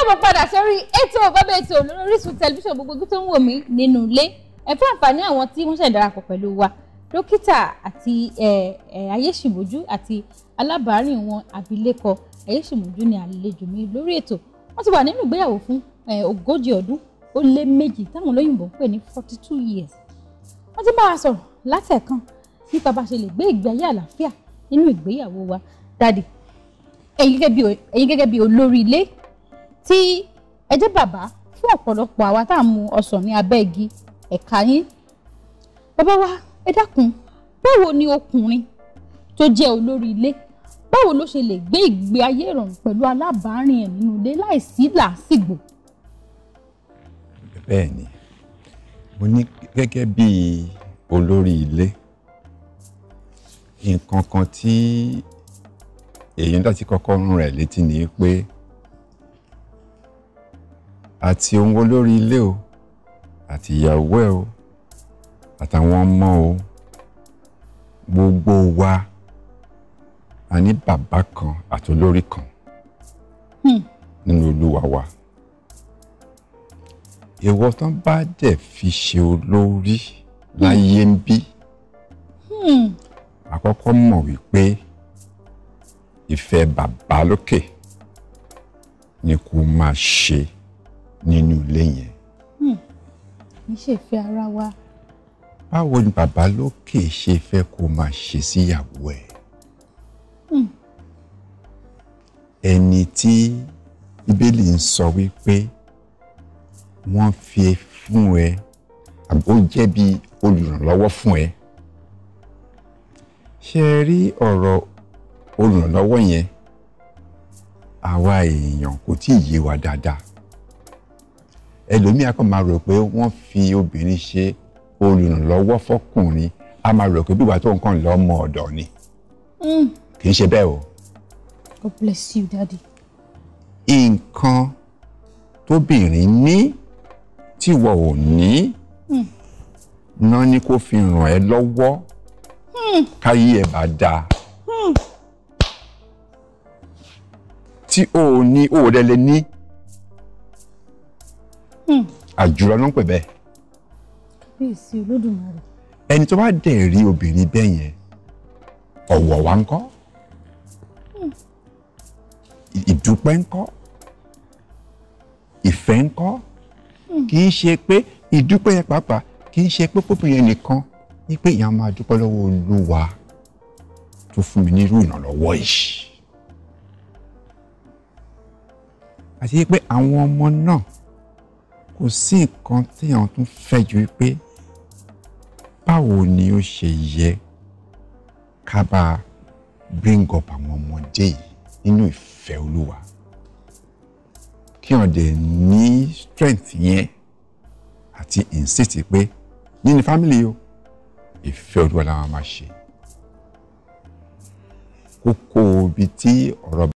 káàbọ̀ padà sórí ètò bàbá ètò olórí Orísun tẹlifíṣàn gbogbo tó ń wò mí nínú ilé ẹ fún àǹfààní àwọn tí wọ́n ṣẹ̀ darapọ̀ pẹ̀lú wa dókítà àti ayéṣìmójú àti alábàárìn wọn abilékọ ayéṣìmójú ni àlejò mi lórí ètò wọ́n ti wà nínú ìgbéyàwó fún ogójì ọdún ó lé méjì táwọn olóyìnbó ń pè ní forty two years wọ́n ti bá a sọ̀rọ̀ látẹ̀kan nípa bá a ṣe lè gbé ìgbé ayé àlàáfíà nínú ìgbéyàwó wa dádì ẹ̀yin gẹ́gẹ́ bí olórí ilé tí ẹ jẹ́ bàbá fún ọ̀pọ̀lọpọ̀ àwa tá à ń mu ọsàn ní abẹ́ igi ẹ̀ka yín bàbá wa ẹ dákun báwo ni ọkùnrin tó jẹ́ olórí ilé báwo ló ṣe lè gbé ìgbé ayé ìrọ̀rùn pẹ̀lú alábàárìn ẹ̀ nínú ilé láìsí làásìgbò. bẹ́ẹ̀ ni mo ní gẹ́gẹ́ bí olórí ilé nǹkan kan tí èèyàn dá ti kọ́kọ́ rún rẹ̀ létí ni pé. E àti òun olórí ilé o àti ìyàwó ẹ o àtàwọn ọmọ o gbogbo wa a ní bàbá kan àti olórí kan hmm. nínú olúwa wa ìwọ tán bá dẹ̀ fi ṣe olórí láyé hmm. ń bí àkọ́kọ́ hmm. mọ̀ wípé ìfẹ́ bàbá lókè ni kò máa ṣe nínú ilé yẹn. Hmm. kì í ṣe ìfẹ́ ara wa. báwo ni bàbá lókè ṣe fẹ́ kó máa ṣe síyàwó ẹ̀. Hmm. ẹni tí bíbélì ń sọ wípé wọ́n fi fún ẹ àbó jẹ́ bí olùrànlọ́wọ́ fún ẹ. ṣe rí ọ̀rọ̀ olùrànlọ́wọ́ yẹn àwa èèyàn kò tí ì yé wa dáadáa ẹlòmíì á kàn máa rò pé wọ́n fi obìnrin ṣe olùrànlọ́wọ́ fọkùnrin á máa rò pé bí ìgbà tó nǹkan lọ ọmọ ọ̀dọ̀ ni hmm. kì í ṣe bẹ́ẹ̀ o. God bless you daddy. nǹkan tóbìnrin ní tíwọ ò ní hmm. náà ni kó fi ràn ẹ́ lọ́wọ́ hmm. káyé ẹ̀ bá dáa. tí o ò ní o ò rẹ ní Hmm. àjùlọ ló ń pè bẹ́ẹ̀. kábíyèsí olódùmarè. ẹni tó bá dẹ̀ rí obìnrin bẹ́ẹ̀ yẹn ọ̀wọ̀ wa ń kọ́ hmm. ìdúpẹ́ ń kọ́ ìfẹ́ ń kọ́ hmm. kì í ṣe pé ìdúpẹ́ yẹn pàápàá kì í ṣe pé pópin yẹn nìkan ni pé ìyá máa dúpẹ́ lọ́wọ́ olúwa tó fún mi nírú ìrànlọ́wọ́ yìí. àti pé àwọn ọmọ náà kò sí nǹkan tí àwọn tún fẹ́ ju pé báwo ni ó ṣe yẹ ká bá bring up àwọn ọmọdé yìí nínú ìfẹ́ olúwa kí wọ́n dẹ̀ ní strength yẹn àti insist pé nínú family o ìfẹ́ olúwa làwọn máa ṣe kókó ibi tí ọ̀rọ̀.